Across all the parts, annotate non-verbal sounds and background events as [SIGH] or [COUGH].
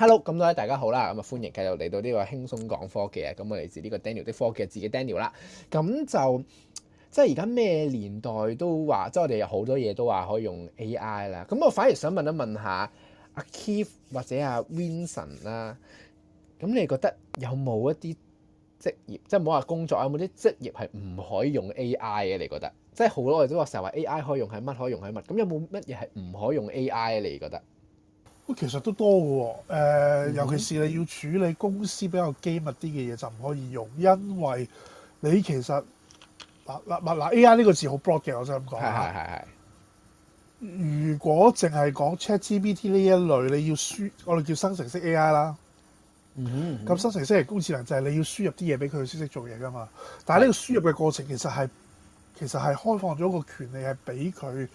Hello，咁多位大家好啦，咁啊歡迎繼續嚟到呢個輕鬆講科技啊，咁我嚟自呢個 Daniel 的科技，自己 Daniel 啦，咁就即係而家咩年代都話，即係我哋有好多嘢都話可以用 AI 啦。咁我反而想問一問，問一下阿 Keith 或者阿 Vincent 啦，咁你覺得有冇一啲職業，即係唔好話工作，有冇啲職業係唔可以用 AI 嘅？你覺得？即係好多我哋都話成日話 AI 可以用係乜可以用係乜，咁有冇乜嘢係唔可以用 AI 嘅？你覺得？我其實都多嘅，誒、呃，mm hmm. 尤其是你要處理公司比較機密啲嘅嘢就唔可以用，因為你其實嗱嗱嗱 A I 呢個字好 broad 嘅，我想咁講嚇。係係如果淨係講 ChatGPT 呢一類，你要輸我哋叫生成式 A I 啦。咁、mm hmm. 生成式人工智能，就係你要輸入啲嘢俾佢先識做嘢㗎嘛。但係呢個輸入嘅過程其實係其實係開放咗個權利係俾佢。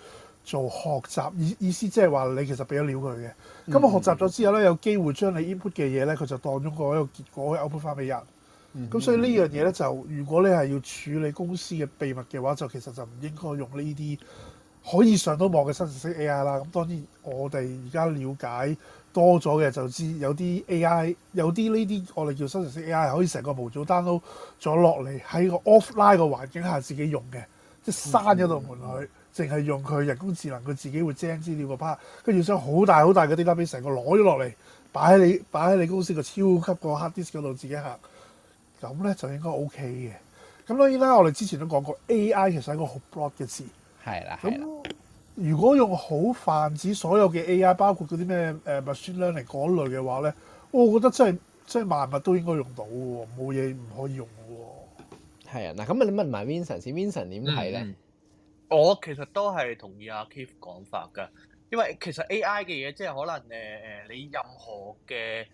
做學習意，意思即係話你其實俾咗料佢嘅，咁啊、嗯嗯、學習咗之後咧，有機會將你 input 嘅嘢咧，佢就當咗個一個結果去 output 翻俾人。咁、嗯嗯、所以呢樣嘢咧，就如果你係要處理公司嘅秘密嘅話，就其實就唔應該用呢啲可以上到網嘅生成式 AI 啦。咁當然我哋而家了解多咗嘅就知有啲 AI 有啲呢啲我哋叫生成式 AI 可以成個模組 download 咗落嚟喺個 offline 個環境下自己用嘅，即係閂咗度門佢。嗯嗯嗯淨係用佢人工智能，佢自己會精資料很大很大個 part，跟住將好大好大嗰啲 data 成個攞咗落嚟，擺喺你擺喺你公司個超級個 hard disk 嗰度自己嚇。咁咧就應該 OK 嘅。咁當然啦，我哋之前都講過 AI 其實係一個好 broad 嘅字。係啦，咁如果用好泛指所有嘅 AI，包括嗰啲咩 machine learning 嚟嗰類嘅話咧，我覺得真係真係萬物都應該用到喎，冇嘢唔可以用嘅喎。係啊，嗱咁啊，問埋 Vincent 先，Vincent 點睇咧？嗯我其實都係同意阿 Keith 講法㗎，因為其實 AI 嘅嘢即係可能誒誒、呃，你任何嘅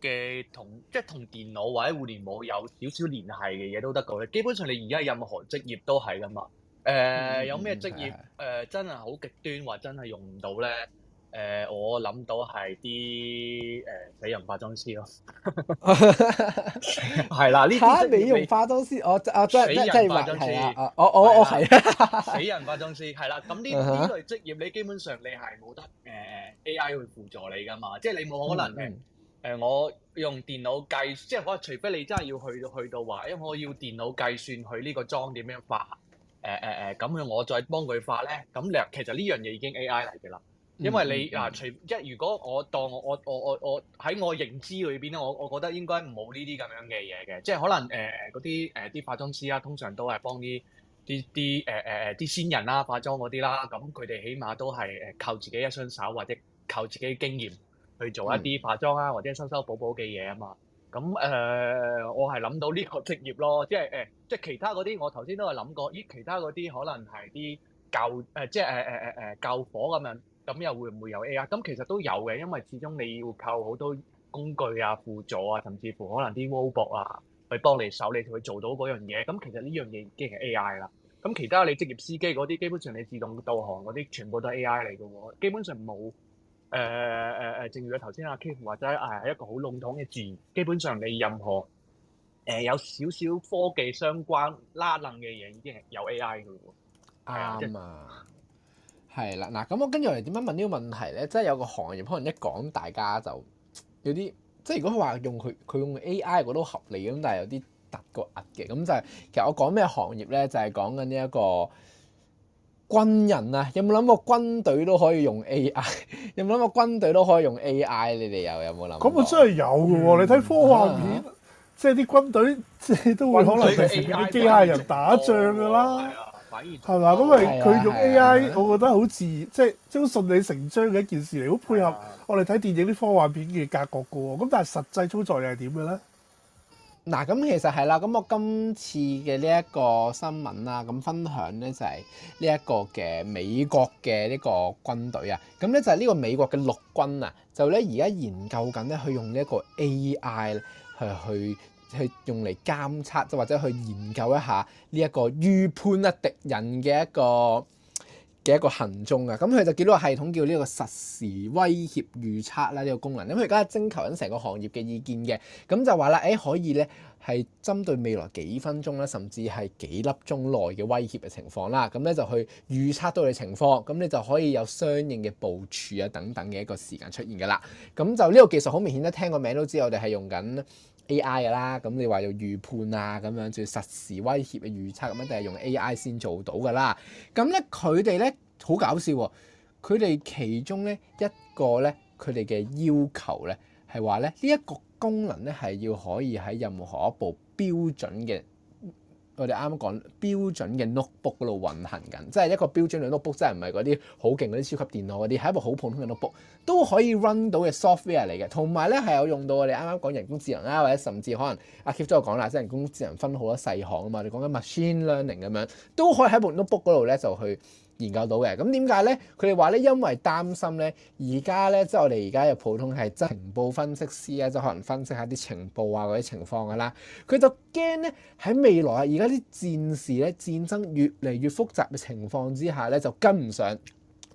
嘅同即係同電腦或者互聯網有少少聯繫嘅嘢都得嘅，基本上你而家任何職業都係㗎嘛。誒、呃嗯、有咩職業誒的、呃、真係好極端話真係用唔到咧？誒、呃，我諗到係啲誒死人化妝師咯，係 [LAUGHS] [LAUGHS] 啦，呢啲美容化妝師，我即係死人化妝師， [LAUGHS] 啊、我我我係死人化妝師，係啦、啊。咁呢呢類職業，你基本上你係冇得誒、呃、A I 去輔助你噶嘛，即係你冇可能嘅、呃、我用電腦計算，即係我除非你真係要去到去到話，因為我要電腦計算佢呢個妝點樣化，誒誒誒，咁、呃、樣、呃嗯嗯嗯呃嗯嗯、我再幫佢化咧，咁其實呢樣嘢已經 A I 嚟嘅啦。因為你嗱，除、mm hmm. 啊、即係如果我當我我我我我喺我認知裏邊咧，我我覺得應該冇呢啲咁樣嘅嘢嘅，即係可能誒嗰啲誒啲化妝師啊，通常、啊、都係幫啲啲啲誒誒誒啲先人啦化妝嗰啲啦，咁佢哋起碼都係誒靠自己一雙手或者靠自己經驗去做一啲化妝啊、mm hmm. 或者修修補補嘅嘢啊嘛。咁誒、呃，我係諗到呢個職業咯，即係誒、呃，即係其他嗰啲我頭先都係諗過，咦，其他嗰啲可能係啲救誒，即係誒誒誒誒救火咁樣。呃咁又會唔會有 AI？咁、嗯、其實都有嘅，因為始終你要靠好多工具啊、輔助啊，甚至乎可能啲 robot 啊去幫你手，你就會做到嗰樣嘢。咁、嗯、其實呢樣嘢已經係 AI 啦。咁、嗯、其他你職業司機嗰啲，基本上你自動導航嗰啲，全部都係 AI 嚟嘅喎。基本上冇誒誒誒，正如我頭先阿 Kif, 或者誒係一個好籠統嘅字。基本上你任何誒、呃、有少少科技相關拉楞嘅嘢，已經係有 AI 嘅喎。啱啊！係啦，嗱咁我跟住嚟點樣問呢個問題咧？即係有個行業可能一講，大家就有啲即係如果話用佢佢用 AI 我都合理咁，但係有啲突個額嘅咁就係、是、其實我講咩行業咧？就係、是、講緊呢一個軍人啊！有冇諗過軍隊都可以用 AI？有冇諗過軍隊都可以用 AI？你哋又有冇諗過？咁我真係有嘅喎！你睇、嗯嗯、科幻片，嗯、即係啲軍隊即係 [LAUGHS] 都會可能平時有啲機械人打仗噶啦。哦係嘛？咁咪佢用 AI，我覺得好自然，即係即好、就是、順理成章嘅一件事嚟，好配合我哋睇電影啲科幻片嘅格局噶喎。咁但係實際操作又係點嘅咧？嗱，咁其實係啦，咁我今次嘅呢一個新聞啦，咁分享咧就係呢一個嘅美國嘅呢個軍隊啊，咁咧就係、是、呢個美國嘅陸軍啊，就咧而家研究緊咧去用呢一個 AI 去去。去用嚟監測，即或者去研究一下呢一個預判啊，敵人嘅一個嘅一個行蹤啊。咁、嗯、佢就建立個系統，叫呢個實時威脅預測啦，呢、這個功能。咁佢而家徵求緊成個行業嘅意見嘅，咁、嗯、就話啦，誒、欸、可以咧係針對未來幾分鐘啦，甚至係幾粒鐘內嘅威脅嘅情況啦，咁、嗯、咧就去預測到你情況，咁、嗯、你就可以有相應嘅部署啊，等等嘅一個時間出現噶啦。咁、嗯、就呢個技術好明顯咧，聽個名都知我哋係用緊 A.I. 嘅啦，咁你話要預判啊，咁樣仲要實時威脅嘅預測咁樣，一定係用 A.I. 先做到噶啦。咁咧，佢哋咧好搞笑喎，佢哋其中咧一個咧，佢哋嘅要求咧係話咧呢一、這個功能咧係要可以喺任何一部標準嘅。我哋啱啱講標準嘅 notebook 嗰度運行緊，即係一個標準嘅 notebook，即係唔係嗰啲好勁嗰啲超級電腦嗰啲，係一部好普通嘅 notebook 都可以 run 到嘅 software 嚟嘅，同埋咧係有用到我哋啱啱講人工智能啦，或者甚至可能阿 Keith 都有講啦，即係人工智能分好多細項啊嘛，你講緊 machine learning 咁樣，都可以喺部 notebook 嗰度咧就去。研究到嘅，咁點解咧？佢哋話咧，因為擔心咧，而家咧即係我哋而家嘅普通係情報分析師啊，即可能分析下啲情報啊嗰啲情況噶啦，佢就驚咧喺未來啊，而家啲戰事咧，戰爭越嚟越複雜嘅情況之下咧，就跟唔上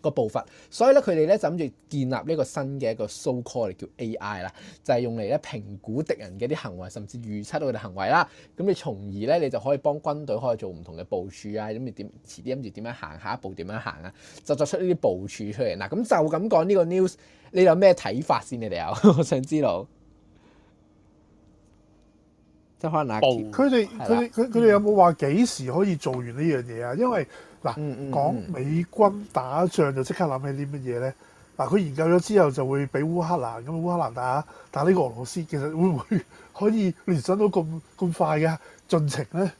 個步伐，所以咧佢哋咧就諗住建立呢個新嘅一個 so call 叫 AI 啦，就係用嚟咧評估敵人嘅啲行為，甚至預測到佢哋行為啦。咁你從而咧，你就可以幫軍隊可以做唔同嘅部署啊。咁你點遲啲諗住點樣行下一步，點樣行啊？就作出呢啲部署出嚟嗱。咁就咁講呢個 news，你有咩睇法先，啊？你哋有我想知道。即可能佢哋佢哋佢哋有冇話幾時可以做完呢樣嘢啊？因為嗱，講美軍打仗就即刻諗起啲乜嘢咧？嗱，佢研究咗之後就會俾烏克蘭咁，烏克蘭打。打呢個俄羅斯其實會唔會可以聯想到咁咁快嘅進程咧？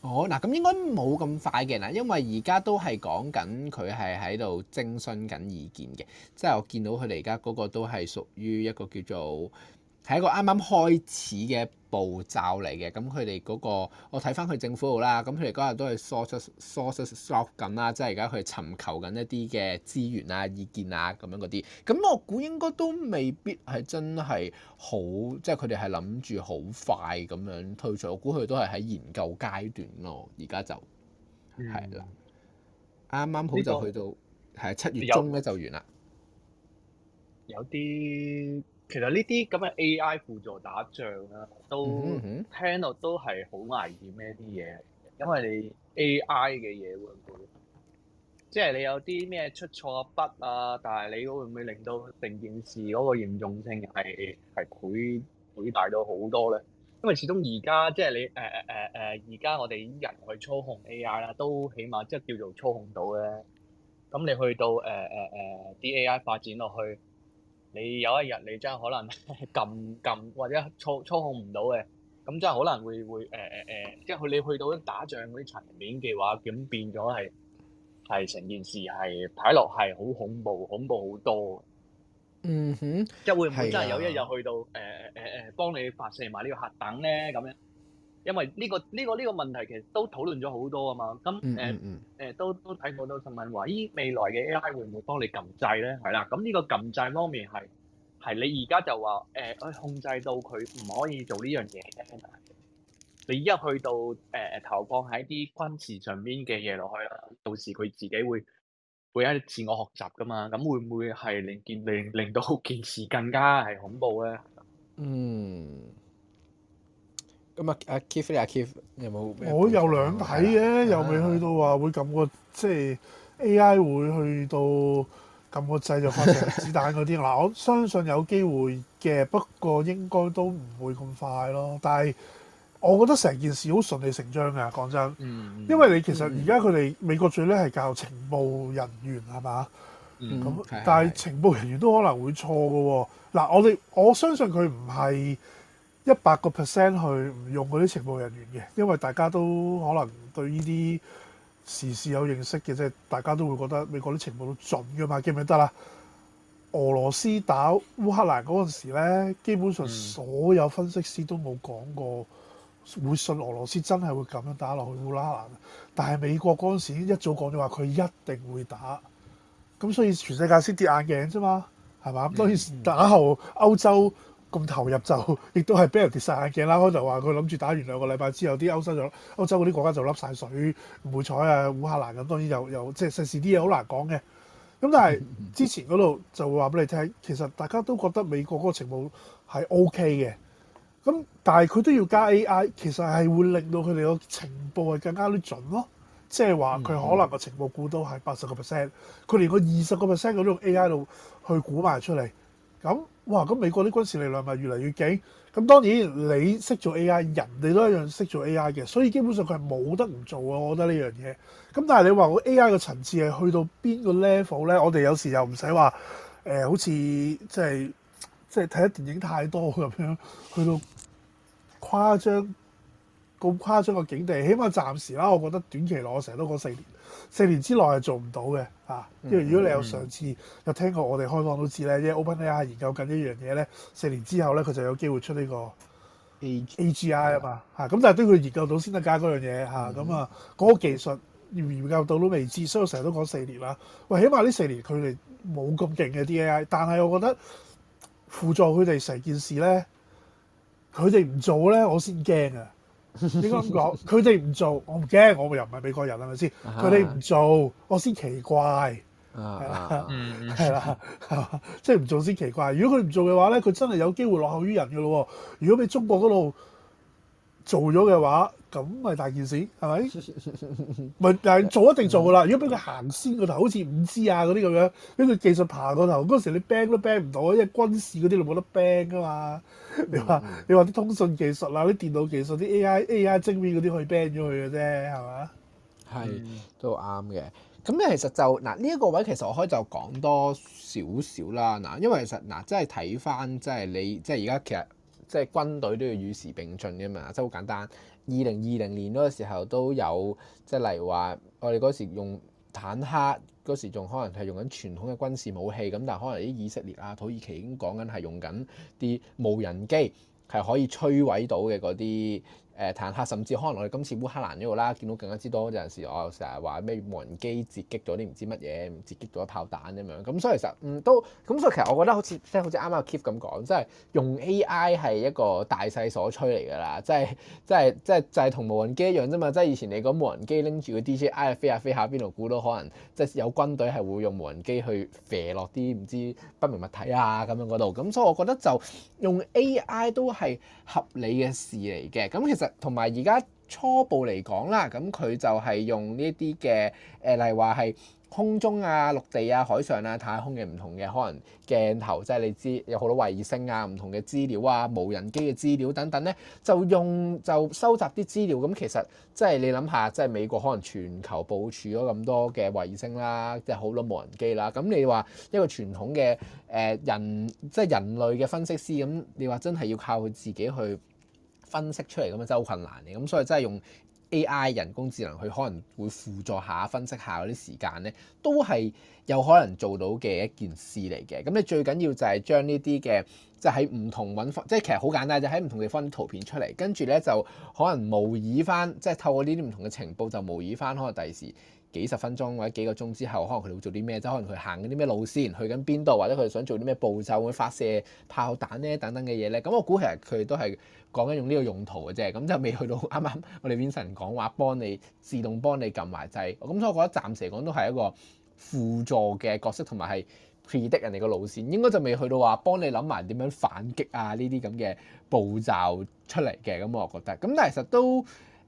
哦，嗱，咁應該冇咁快嘅嗱，因為而家都係講緊佢係喺度徵詢緊意見嘅，即係我見到佢哋而家嗰個都係屬於一個叫做。係一個啱啱開始嘅步驟嚟嘅，咁佢哋嗰個我睇翻佢政府度啦，咁佢哋嗰日都係 search、search、search 緊啦，即係而家佢尋求緊一啲嘅資源啊、意見啊咁樣嗰啲，咁我估應該都未必係真係好，即係佢哋係諗住好快咁樣退出，我估佢都係喺研究階段咯、啊，而家就係啦，啱啱、嗯、好就去到係七、這個、月中咧就完啦，有啲。其實呢啲咁嘅 AI 輔助打仗啦、啊，都聽到都係好危險一啲嘢，因為你 AI 嘅嘢會唔會，即係你有啲咩出錯筆啊？但係你會唔會令到成件事嗰個嚴重性係係倍倍大到好多咧？因為始終而家即係你誒誒誒誒，而、呃、家、呃呃、我哋人去操控 AI 啦，都起碼即係叫做操控到嘅。咁你去到誒誒誒啲 AI 發展落去，你有一日你真係可能撳撳或者操操控唔到嘅，咁真係可能會會誒誒誒，即係去你去到打仗嗰啲層面嘅話，咁變咗係係成件事係睇落係好恐怖，恐怖好多。嗯哼，即係會唔會真係有一日去到誒誒誒，幫你發射埋呢個核彈咧咁樣？因為呢個、呢個、呢個問題其實都討論咗好多啊嘛，咁誒誒都都睇過到新聞話，咦，未來嘅 AI 會唔會幫你撳掣咧？係啦，咁呢個撳掣方面係係你而家就話誒、呃，控制到佢唔可以做呢樣嘢咧？你一去到誒、呃、投放喺啲軍事上邊嘅嘢落去啦，到時佢自己會會喺自我學習噶嘛？咁會唔會係令件令令到件事更加係恐怖咧？嗯。咁啊，阿 Kief 咧，阿 Kief 有冇？我有兩睇嘅，又未去到話會撳個即係 AI 會去到撳個掣，就發射核子彈嗰啲啦。我相信有機會嘅，不過應該都唔會咁快咯。但係我覺得成件事好順理成章嘅，講真。嗯。因為你其實而家佢哋美國最叻係教情報人員係嘛？咁，但係情報人員都可能會錯嘅喎。嗱，我哋我相信佢唔係。一百個 percent 去唔用嗰啲情報人員嘅，因為大家都可能對呢啲時事有認識嘅，即係大家都會覺得美國啲情報都準㗎嘛，記唔記得啦？俄羅斯打烏克蘭嗰陣時呢，基本上所有分析師都冇講過會信俄羅斯真係會咁樣打落去烏克蘭，但係美國嗰陣時一早講咗話佢一定會打，咁所以全世界先跌眼鏡啫嘛，係嘛？咁當然打後歐洲。咁投入就亦都係俾人跌晒眼鏡啦！開頭話佢諗住打完兩個禮拜之後，啲歐洲就歐洲嗰啲國家就笠晒水，唔會彩啊烏克蘭咁。當然又又即係世事啲嘢好難講嘅。咁但係之前嗰度就會話俾你聽，其實大家都覺得美國嗰個情報係 OK 嘅。咁但係佢都要加 AI，其實係會令到佢哋個情報係更加啲準咯。即係話佢可能個情報估到係八十個 percent，佢連個二十個 percent 佢都 AI 度去估埋出嚟咁。哇！咁美國啲軍事力量咪越嚟越勁。咁當然你識做 AI，人哋都一樣識做 AI 嘅。所以基本上佢係冇得唔做啊！我覺得呢樣嘢。咁但係你話個 AI 嘅層次係去到邊個 level 咧？我哋有時又唔使話誒，好似即係即係睇啲電影太多咁樣，去到誇張。咁誇張個境地，起碼暫時啦，我覺得短期內我成日都講四年，四年之內係做唔到嘅嚇。因為如果你有上次、嗯、有聽過我哋開放都知咧，即係 OpenAI 研究緊一樣嘢咧，四年之後咧佢就有機會出呢個 AGI 啊嘛嚇。咁但係等佢研究到先得加嗰樣嘢嚇。咁、嗯、啊，嗰、嗰個技術研唔研究到都未知，所以我成日都講四年啦。喂，起碼呢四年佢哋冇咁勁嘅 DAI，但係我覺得輔助佢哋成件事咧，佢哋唔做咧我先驚啊！應該咁講，佢哋唔做，我唔驚，我又唔係美國人係咪先？佢哋唔做，我先奇怪，係啦，係啦，即係唔做先奇怪。如果佢唔做嘅話咧，佢真係有機會落後於人嘅咯。如果俾中國嗰度。做咗嘅話，咁咪大件事係咪？唔 [LAUGHS] 但係做一定做噶啦。如果俾佢行先個頭，好似五 G 啊嗰啲咁樣，俾佢技術爬個頭，嗰時你 ban 都 ban 唔到，因為軍事嗰啲 [LAUGHS] 你冇得 ban 噶嘛。你話你話啲通訊技術啊、啲電腦技術、啲 AI、AI 正面嗰啲可以 ban 咗佢嘅啫，係嘛？係是、嗯、都啱嘅。咁咧其實就嗱呢一個位，其實我可以就講多少少啦。嗱，因為其實嗱，真係睇翻，即係你，即係而家其實。即係軍隊都要與時並進嘅嘛，即係好簡單。二零二零年嗰個時候都有，即係例如話，我哋嗰時用坦克，嗰時仲可能係用緊傳統嘅軍事武器，咁但係可能啲以色列啊、土耳其已經講緊係用緊啲無人機，係可以摧毀到嘅嗰啲。誒坦克，甚至可能我哋今次烏克蘭呢度啦，見到更加之多。有陣時我成日話咩無人機截擊咗啲唔知乜嘢，截擊咗炮彈咁樣，咁所以其實、嗯、都咁，所以其實我覺得好似即係好似啱啱阿 Kip 咁講，即係用 AI 係一個大勢所趨嚟㗎啦。即係即係即係就係、是、同無人機一樣啫嘛。即係以前你講無人機拎住個 DJI 啊飛下、啊、飛下、啊，邊度估到可能即係有軍隊係會用無人機去射落啲唔知不明物體啊咁樣嗰度。咁所以我覺得就用 AI 都係合理嘅事嚟嘅。咁其實。同埋而家初步嚟講啦，咁佢就係用呢啲嘅誒，例如話係空中啊、陸地啊、海上啊、太空嘅唔同嘅可能鏡頭，即係你知有好多衛星啊、唔同嘅資料啊、無人機嘅資料等等咧，就用就收集啲資料。咁其實即係你諗下，即係美國可能全球部署咗咁多嘅衛星啦，即係好多無人機啦。咁你話一個傳統嘅誒人，即係人類嘅分析師，咁你話真係要靠佢自己去分析出嚟咁啊真係好困難嘅，咁所以真係用 AI 人工智能去可能會輔助下分析下嗰啲時間呢都係有可能做到嘅一件事嚟嘅。咁你最緊要就係將呢啲嘅就喺唔同揾即係其實好簡單，就喺、是、唔同地方啲圖片出嚟，跟住呢，就可能模擬翻，即係透過呢啲唔同嘅情報就模擬翻可能第時。幾十分鐘或者幾個鐘之後，可能佢哋會做啲咩？即可能佢行緊啲咩路線，去緊邊度，或者佢哋想做啲咩步驟，會發射炮彈咧，等等嘅嘢呢，咁我估其實佢哋都係講緊用呢個用途嘅啫。咁就未去到啱啱我哋 Vincent 講話幫你自動幫你撳埋掣。咁所以我覺得暫時嚟講都係一個輔助嘅角色，同埋係 predict 人哋個路線，應該就未去到話幫你諗埋點樣反擊啊呢啲咁嘅步驟出嚟嘅。咁我覺得，咁但係其實都。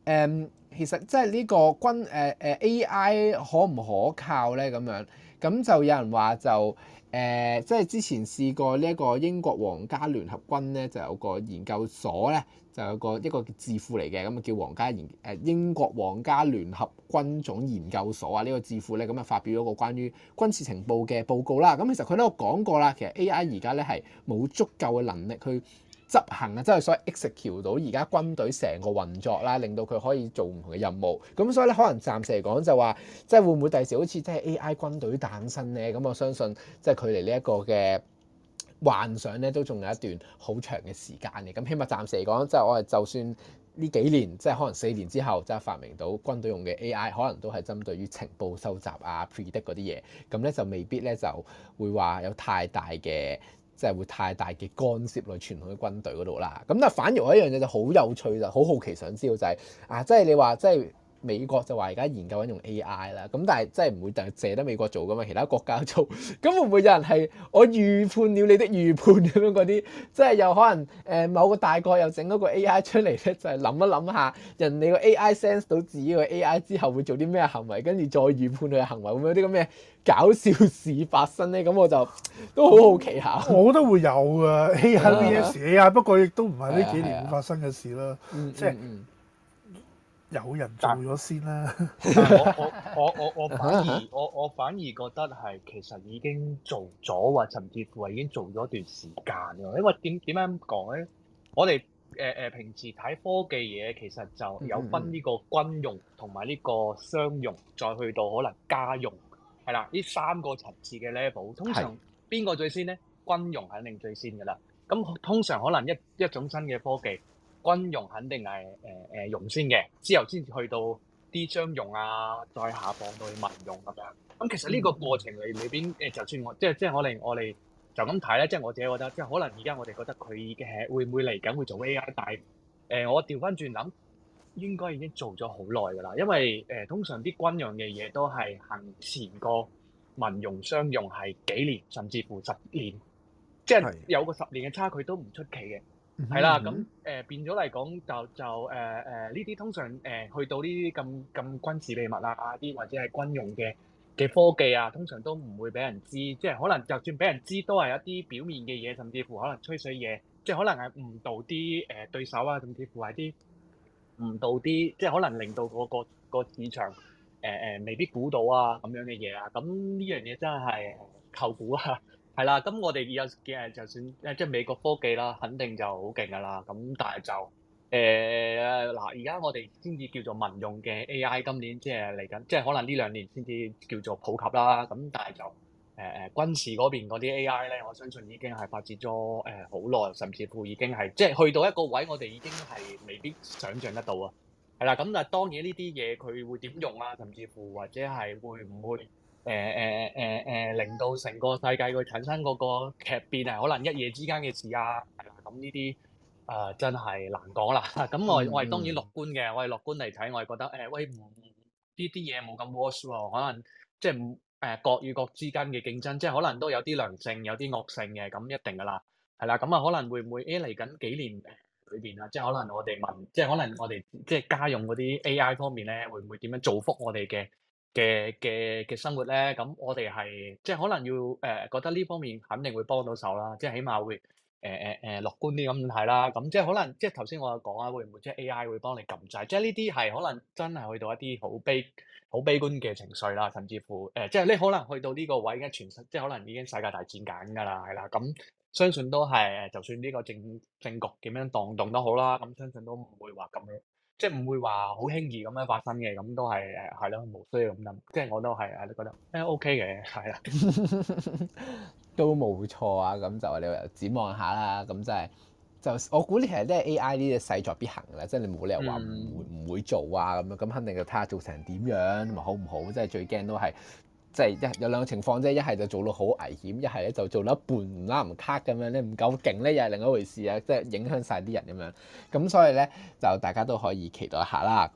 誒，um, 其實即係呢個軍誒誒、uh, AI 可唔可靠咧？咁樣咁就有人話就誒，即、uh, 係之前試過呢一個英國皇家聯合軍咧，就有個研究所咧，就有一個一個智庫嚟嘅，咁啊叫皇家研誒英國皇家聯合軍總研究所啊，這個、智呢個智庫咧，咁啊發表咗個關於軍事情報嘅報告啦。咁其實佢都有講過啦，其實 AI 而家咧係冇足夠嘅能力去執行啊，即係所謂 execute 到而家軍隊成個運作啦，令到佢可以做唔同嘅任務。咁所以咧，可能暫時嚟講就話，即係會唔會第時好似即係 AI 軍隊誕生呢？咁我相信即係距離呢一個嘅幻想呢，都仲有一段好長嘅時間嘅。咁起碼暫時嚟講，即係我哋就算呢幾年，即係可能四年之後，即係發明到軍隊用嘅 AI，可能都係針對於情報收集啊、predict 嗰啲嘢。咁咧就未必咧就會話有太大嘅。即係會太大嘅干涉落傳統嘅軍隊嗰度啦。咁但係反而我一樣嘢就好有趣就好好奇想知道就係、是、啊，即係你話即係。美國就話而家研究緊用 AI 啦，咁但係真係唔會淨係得美國做噶嘛，其他國家做，咁 [LAUGHS] 會唔會有人係我預判了你的預判咁樣嗰啲，即係又可能誒、呃、某個大國又整咗個 AI 出嚟咧，就係、是、諗一諗下人哋個 AI sense 到自己個 AI 之後會做啲咩行為，跟住再預判佢嘅行為，會唔會有啲咁咩搞笑事發生咧？咁我就都好好奇下。 [LAUGHS] 我都得會有啊，AI vs AI，不過亦都唔係呢幾年會發生嘅事啦，即係。 [LAUGHS] [LAUGHS] 有人做咗先啦，我我我我我反而我我反而覺得係其實已經做咗，或甚至乎已經做咗段時間咯。因為點點樣講咧？我哋誒誒平時睇科技嘢，其實就有分呢個軍用同埋呢個商用，再去到可能家用係啦。呢三個層次嘅 level，通常邊個最先咧？軍用肯定最先噶啦。咁通常可能一一種新嘅科技。軍用肯定係誒誒用先嘅，之後先至去到啲商用啊，再下放到去民用咁、啊、樣。咁其實呢個過程裏裏邊誒，就算我即係即係可能我哋就咁睇咧，即係我，我，我自己覺得，即係可能而家我哋覺得佢嘅會唔會嚟緊會做 AI，但係誒、呃、我調翻轉諗，應該已經做咗好耐㗎啦。因為誒、呃、通常啲軍用嘅嘢都係行前個民用商用係幾年，甚至乎十年，即係有個十年嘅差距都唔出奇嘅。係啦，咁誒變咗嚟講就就誒誒呢啲通常誒去到呢啲咁咁軍事秘密啊啲或者係軍用嘅嘅科技啊，通常都唔會俾人知，即係可能就算俾人知都係一啲表面嘅嘢，甚至乎可能吹水嘢，即係可能係誤導啲誒對手啊，甚至乎係啲誤導啲，即係可能令到個個個市場誒誒呃未必估到啊咁樣嘅嘢啊，咁呢樣嘢真係靠估啊！係啦，咁 prueba 我哋有嘅就算，誒即係美國科技啦，肯定就好勁㗎啦。咁但係就誒嗱，而、呃、家我哋先至叫做民用嘅 AI，今年即係嚟緊，即係可能呢兩年先至叫做普及啦。咁但係就誒誒、呃、軍事嗰邊嗰啲 AI 咧，我相信已經係發展咗誒好耐，甚至乎已經係即係去到一個位，我哋已經係未必想像得到啊。係啦，咁但係當然呢啲嘢佢會點用啊？甚至乎或者係會唔會？誒誒誒誒，令到成個世界佢產生嗰個劇變啊，可能一夜之間嘅事啊，咁呢啲啊真係難講啦。咁、 [LAUGHS] 嗯嗯、我我係當然樂觀嘅，我係樂觀嚟睇，我係覺得誒、欸、喂，呢啲嘢冇咁 worse 喎。可能即係誒國與國之間嘅競爭，即係可能都有啲良性，有啲惡性嘅，咁一定㗎啦。係啦，咁啊可能會唔會誒嚟緊幾年裏邊啊，即係可能我哋問，即係可能我哋即係家用嗰啲 AI 方面咧，會唔會點樣造福我哋嘅？嘅嘅嘅生活咧，咁我哋係即係可能要誒、呃、覺得呢方面肯定會幫到手啦，即係起碼會誒誒誒樂觀啲咁，係啦，咁、嗯、即係可能即係頭先我講啦，會唔會即係 A I 會幫你撳掣？即係呢啲係可能真係去到一啲好悲好悲觀嘅情緒啦，甚至乎誒、呃、即係你可能去到呢個位，而家全即係可能已經世界大戰緊㗎啦，係啦咁。嗯相信都係，就算呢個政政局點樣動動都好啦，咁相信都唔會話咁樣，即係唔會話好輕易咁樣發生嘅，咁都係誒係咯，無需要咁諗。即係我都係誒覺得誒、欸、OK 嘅，係啦， [LAUGHS] 都冇錯啊。咁就你又展望下啦，咁真係就，是、就我估你其實都係 AI 呢啲勢在必行嘅，即、就、係、是、你冇理由話唔唔會做啊咁樣。咁肯定就睇下做成點樣，好唔好？即係最驚都係。即係有兩個情況啫，一係就做到好危險，一係咧就做到一半唔拉唔卡咁樣咧，唔夠勁咧又係另一回事啊！即係影響晒啲人咁樣，咁所以咧就大家都可以期待一下啦。